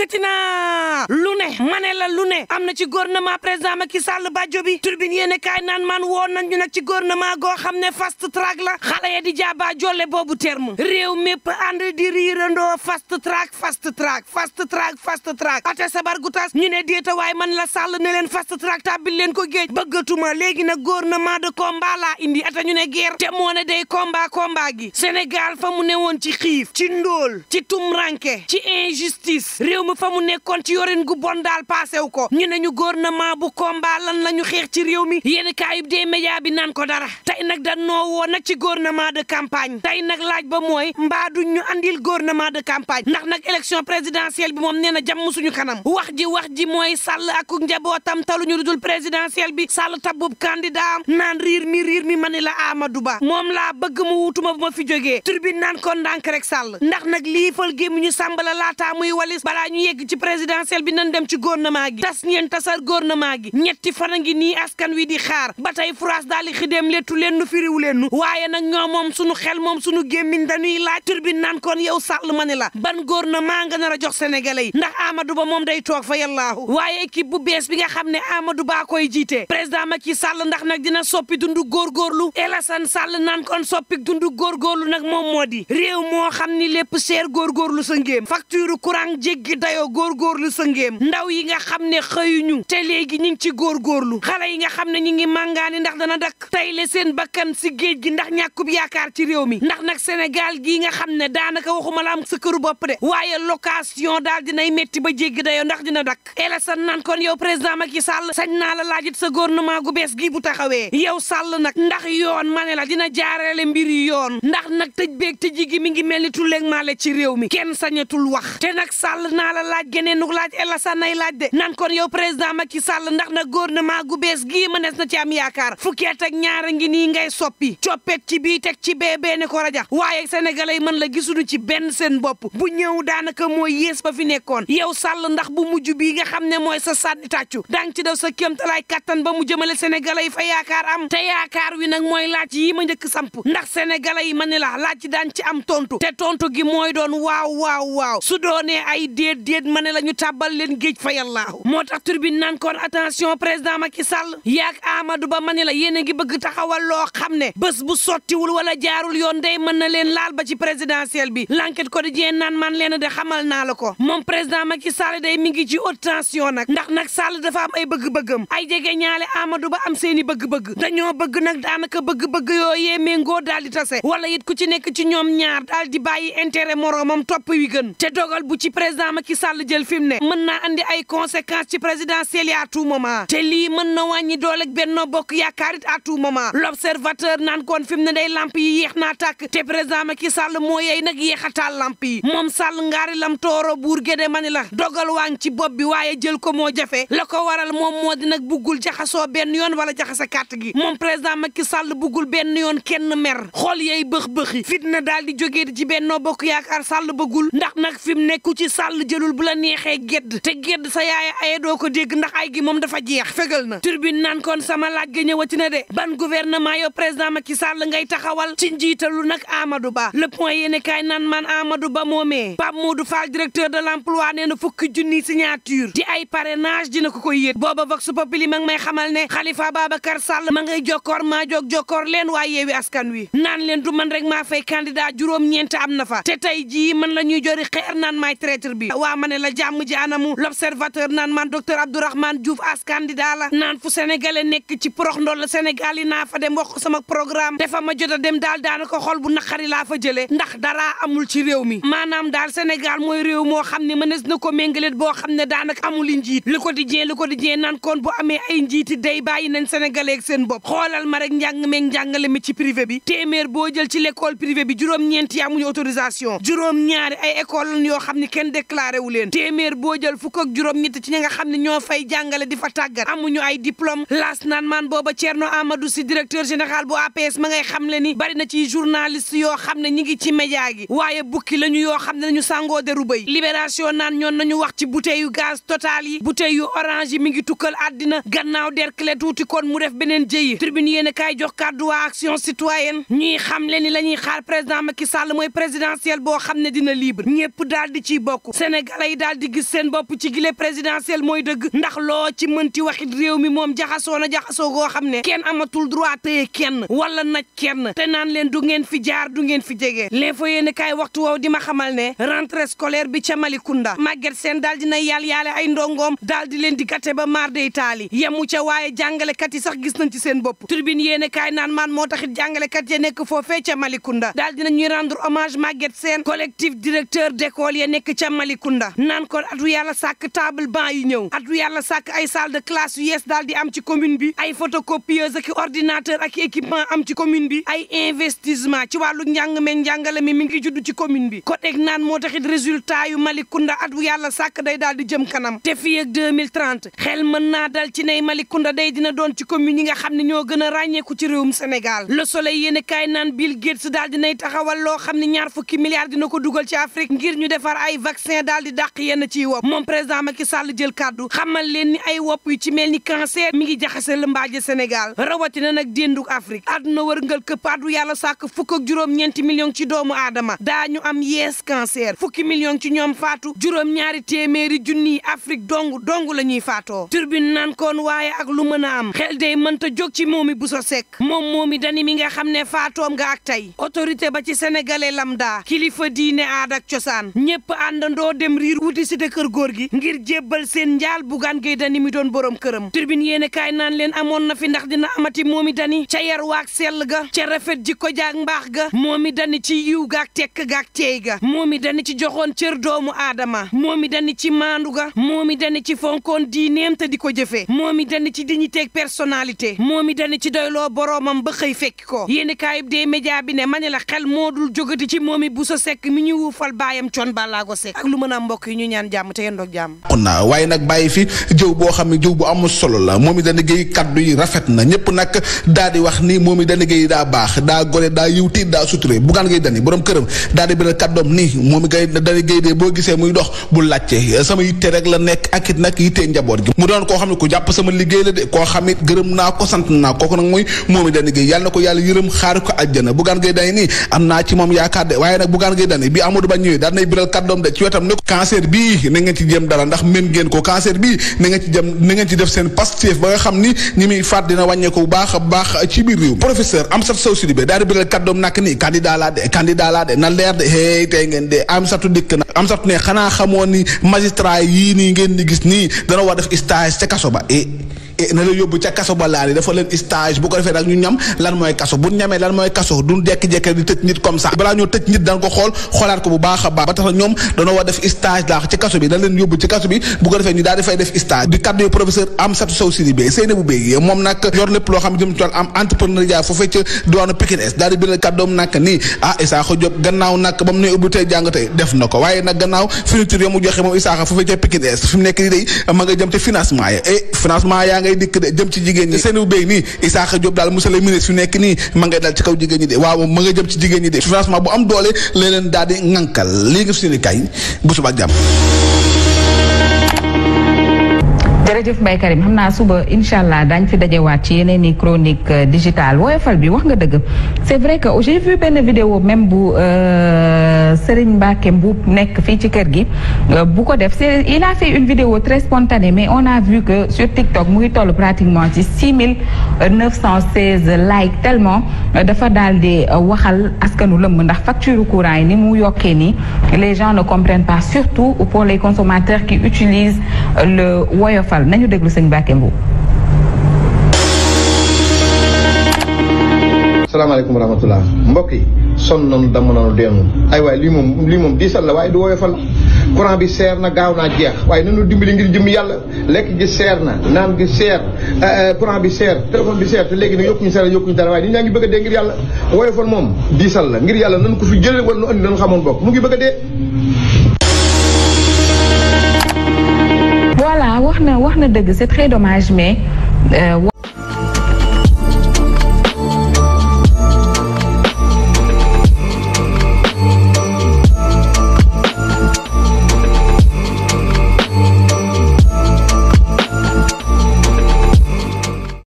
yëkkati naa lu ne ma ne la lu ne am na ci gouvernement président Macky Sall bàjjo bi turbine yéen kaay naan man woon nañu nag ci gouvernement goo xam ne fast track la xale ya di jaabaa jolle boobu terme réew mépp ànd di riirandoo fast track fast track fast track fast track ate sabar gu tas ñu ne déeta waaye man la Sall ne leen fast track tàbbil leen ko géej bëggatuma léegi nag gouvernement de combat laa indi ate ñu ne guerre te moo ne day combat combat gi Sénégal fa mu ne woon ci xiif ci ndóol ci tumranke démb fa mu nekkoon ci yorin gu bon daal paase wu ko ñu ne ñu gouvernement bu combat lan la ñu xeex ci réew mi yéen kaayub dee média bi naan ko dara tey nag danoo woo nag ci gouvernement de campagne tey nag laaj ba mooy mbaa duñ ñu andil gouvernement de campagne ndax nag élection présidentielle bi moom nee na jàmm suñu kanam wax ji wax ji mooy sàll ak njabootam taluñu lu dul présidentielle bi sàll tabub candidat am naan riir mi riir mi ma ne la amadu Ba moom laa bëgg mu wutuma bu ma fi jógee tur bi naan ko ndànk ndax nag lii fal gémmiñu ñu yegg ci présidentielle bi nañ dem ci gouvernement gi tas ngeen tasar gouvernement gi ñetti fan a ngi nii askan wi di xaar ba tey France daal di xidéem lettu leen nu firiw leen waaye nag ñoom moom sunu xel moom sunu gémmiñ dañuy laaj tur bi naan yow sàll ma ne la ban gouvernement nga nar a jox sénégalais yi ndax Amadou Ba moom day toog fa yàllaahu waaye équipe bu bees bi nga xam ne Amadou Ba koy jiite président Macky Sall ndax nag dina soppi dundu góorgóorlu Elassane Sall naan kon soppi dundu góorgóorlu nag moom moo di réew moo xam ni lépp seer góorgóorlu sa ngéem facture courant jéggi góor góorgóorlu sa ngéem ndaw yi nga xam ne xëyuñu te léegi ñu ngi ci góorgóorlu xale yi nga xam ne ñu ngi màngaani ndax dana dakk tey le seen bakkan si géej gi ndax ñàkkub yaakaar ci réew mi ndax nag Sénégal gii nga xam ne daanaka waxuma la sa këru bopp de waaye location daal dinay métti ba jéggi dayoo ndax dina dakk Alassane naan kon yow président Macky Sall sañ naa la laajit sa gouvernement gu bees gi bu taxawee yow Sall nag ndax yoon ma ne la dina jaareele mbir yi yoon ndax nag tëj beeg tëj gi mi ngi mel ni tulleeg ci réew mi kenn sañatul wax te nag Sall dinaa la laaj geneenug laaj El Hadj nay laaj de nan kon yow président Macky Sall ndax na gouvernement gu bees gii mënees na ci am yaakaar fukki at ak ñaara ngi nii ngay soppi coppeet ci bii teg ci bee bee ne ko rajax waaye sénégalais yi mën la gisuñu ci benn seen bopp bu ñëw daanaka mooy yées ba fi nekkoon yow Sall ndax bu mujj bii nga xam ne mooy sa sàddi tàccu dang ci def sa kéemtalaay kattan ba mu jëmale sénégalais yi fa yaakaar am te yaakaar wi nag mooy laaj yi ma njëkk samp ndax sénégalais yi ma ne la laaj ci daan ci am tontu te gi mooy doon waaw déet ma ne la ñu tàbbal leen géej fa yàllaahu moo tax turbine nankoon kon attention président Macky Sall yaak Amadou Ba ma la yéen a ngi bëgg taxawal loo xam ne bës bu sottiwul wala jaarul yoon day mën na leen laal ba ci présidentielle bi ko l'enquête jeen naan man leen de xamal naa la ko moom président Macky Sall day mi ngi ci haute tension nag ndax nag Sall dafa ay bëgg-bëggam ay jege ñaale amadu Ba am seeni bëgg-bëgg dañoo bëgg nag daanaka bëgg-bëgg yooyee méngoo daal tase wala it ku ci nekk ci ñoom ñaar daal di bàyyi intérêt moroomam topp wi gën te dogal bu ci président Macky Macky Sall jël fi mu ne mën naa andi ay conséquences ci présidentielle yi à tout moment te lii mën na wàññi doole ak Benno Bokk Yaakaar moment l'observateur naan kon fi mu ne day lamp yi yéex naa tàkk te président Macky Sall moo yey nag yéexataal lamp yi moom Sall ngaari lam tooro buur géde mani la dogal waa ngi bopp bi waaye jël ko moo jafe la ko waral moom moo di buggul jaxasoo benn yoon wala jaxasa kàtt gi moom président Macky Sall buggul benn yoon kenn mer xool yey bëx-bëxi fitna daal di jógee ci Benno Bokk Yaakaar Sall bëggul ndax nag fi ku ci Sall jël jëlul bu la neexee gedd te gedd sa yaay ay doo ko dégg ndax ay gi moom dafa jeex fegal na turbine naan kon sama laaj ga ñëwati na de ban gouvernement yow président Macky Sall ngay taxawal ci njiitalu nag Amadou Ba le point yéene kaay naan man Amadou Ba moomee Pape Modou Fall directeur de l'emploi nee na fukki junni signature di ay ji dina ko koy yët booba vox populi ma ngi may xamal ne baaba Babacar Sall ma ngay jokkoor maa jog jokkoor leen waa yeewi askan wi naan leen man rek maa fay candidat juróom ñeent am na fa te tey jii man la ñuy jori xeer naan maay traître boobaa ma ne la jàmm ji anamu l'observateur naan man docteur Abdourahmane Diouf as candidat la naan fu sénégalais nekk ci porox ndool la Sénégal yi naa fa dem wax sama programme dafa ma jot a dem daal daanaka xol bu naqari laa fa jëlee ndax daraa amul ci réew mi maanaam daal Sénégal mooy réew moo xam ne mënees na ko méngalet boo xam ne daanaka amul njiit Le Quotidien Le Quotidien naan kon bu amee ay njiiti day bàyyi nañ sénégalais ak seen bopp xoolal ma rek njàng meeg njàngale mi ci privé bi téeméer boo jël ci l'école privée bi juróom-ñeent yi amuñu autorisation juróom-ñaari ay école yoo xam ne kenn déclaré jàngalewu leen téeméer boo jël fukk ak juróom ñett ci ñi nga xam ne ñoo fay jàngale di fa tàggat amuñu ay diplôme laas naan maan booba Thierno Amadou si directeur général bu APS ma ngay xam le ni bari na ci journaliste yoo xam ne ñi ngi ci média gi waaye bukki la ñu yoo xam ne nañu sàngoo deru béy libération naan ñoon nañu wax ci bouteille yu gaz total yi bouteille yu orange yi mi ngi tukkal àddina gannaaw derkle tuuti kon mu def beneen jëyi tribune yéen kaay jox kàddu waa action citoyenne ñuy xam le ni la ñuy xaar président Macky Sall mooy présidentiel boo xam ne dina libre ñëpp daal di bokk Sénégal sénégalais yi daal di gis seen bopp ci gile présidentielle mooy dëgg ndax loo ci mënti waxit réew mi moom jaxasoo na jaxasoo goo xam ne kenn amatul droit téye kenn wala naj kenn te naan leen du ngeen jaar du ngeen fi jege l'info yéene kaay woow di ma xamal ne rentrée scolaire bi ca Malicounda Maguette Sène daal dina yàll yaale ay ndongoom daal di leen di gàtte ba maar day taali yemu ca waaye jàngalekat yi sax gis nañ ci seen bopp tribune yéene kaay naan maan moo taxit jàngalekat ya nekk foofee ca Malicounda daal dina rendre hommage Maguette Sène collectif directeur d'école ya nekk ca Malicounda Tambacounda naan kon atu yàlla sàkk table banc yi ñëw atu yàlla sàkk ay salle de classe yu yees daal di am ci commune bi ay photocopieuse ak ordinateur ak équipement am ci commune bi ay investissement ci wàllu njàng me njàngale mi mi ngi judd ci commune bi kon ek naan moo taxit résultat yu Malicounda atu yàlla sàkk day daal di jëm kanam te fii ak 2030 xel mën naa dal ci ney Malicounda day dina doon ci commune yi nga xam ne ñoo gën a ràññeeku ci réewum Sénégal le soleil yéen kaay naan Bill Gates daal dinay taxawal loo xam ne ñaar fukki milliards dina ko dugal ci Afrique ngir ñu defar ay daal di dàq yenn ciy wopp moom président Macky jël kàddu xamal leen ni ay wopp yu mel ni cancer mi ngi jaxase la mbaaje Sénégal rawatina nag dénduk Afrique àdduna wërngal këpp addu yàlla sàkk fukk juróom-ñeenti million ci doomu aadama daañu am yées cancer fukki million ci ñoom faatu juróom-ñaari téeméeri junniy Afrique dong dong la ñuy faatoo turbine naan koon waaye ak lu mën a am xel day mënta jóg ci moomi bu so sekk moom moomi dani mi nga xam ne faatoom ga ak tey autorité ba ci sénégalais lambda kilifa diine aada ak cosaan ñëpp àndandoo dem dem riir wuti góor gi ngir jébbal seen njaal bugaan gay dani mi doon borom këram turbine yéen kaay naan leen amoon na fi ndax dina amati moomi dani ca yar waak sell ga ca rafet jikko jaak mbaax ga moomi dani ci yiw gaak tekk gaak teey ga moomi dani ci joxoon cër doomu aadama moomi dani ci maandu ga moomi dani ci fonkoon diineem te di ko moom mi dani ci dignité ak personnalité mi dani ci doyloo boroomam ba xëy fekk ko yéen kaayub dee média bi ne ma ne la xel moo dul jógati ci moomi bu sa sekk mi ñu baayam coon bàllaago sekk a mbokk yi ñu ñaan jàmm te yendoog jàmm na waaye nag bàyyi fi jëw boo xam jëw bu amul solo la moom it dana géey kaddu yi rafet na ñëpp nag daa di wax ni moom it dana géey daa baax daa gore daa yiwti daa suturé bugaan ngay dani borom la nekk ak it nag doon koo xam ne ku jàpp sama liggéey la na ko yàlla yërëm xaar ko àjjana bugaan ngay dani nii am naa ci moom yaakaar de waaye nag bugaan ngay dani bi Amadou Ba ñëwee daa nay biral kaddoom de ci wetam ne cancer bii na ngeen ci jëm dara ndax mën ngeen ko cancer bii na ngeen ci jëm na ci def seen Pastef ba nga xam ni ñi muy faat dina wàññeeku a de candidat laa eh, eh, la yóbbu ca kaso ba laal ko bu baax a baax ba tax na ñoom dañoo war def stage laa ci kaso bi dañ leen yóbbu ci kaso bi bu ko defee ñu daal di fay def stage di kaddu professeur Amsatou Sow Sidibé Seynabou Bèye moom nag yor lépp loo xam jëm ci wàllu ah def na ko waaye nag gannaaw fourniture ya mu joxe moom Issakha foofee ca Pikine Est nekk nii day ma nga jëm ci financement ya et eh, financement yaa ngay dikk de jëm ci jigéen ñi Seynabou Bèye nii Issakha Diop daal monsieur ministre fi nekk nii ma ngay dal ci kaw jigéen ñi de ak jàmm jërëjëf Mbaye Karim xam naa suba incha allah daañu fi waat ci yeneen i chronique euh, digitale woyofal bi wax nga dëgg c'est vrai que oh, j'ai vu benn vidéo même bu euh, Serigne Mbacke bu nekk fii ci kër gi euh, bu ko def c'est il une vidéo très spontanée mais on a vu que sur TikTok muy ngi toll pratiquement ci mille neuf cent seize like tellement dafa daal di waxal askanu lëmb ndax facture courant yi ni mu yokkee nii les gens ne comprennent pas surtout pour les consommateurs qui utilisent Fall nañu déglu sëñ Mbacke Mbow. salaamaaleykum yi sonn nañu damm nañu dee ay waaye lii moom lii moom diisal la waaye du woyofal courant bi seer na gaaw naa jeex waaye nañu dimbali ngir jëm yàlla lekk gi seer na naan gi seer eh, eh, courant bi seer téléphone bi seer te léegi nag yokkuñu seer ñu dara waaye nit ñaa ngi bëgg a dee ngir yàlla woyofal moom diisal la ngir yàlla nañu ko fi jëlee wala nu andi nañu xamoon bokk mu ngi bëgga a dee voilà wax na wax na dëgg c'est très dommage mais. Euh,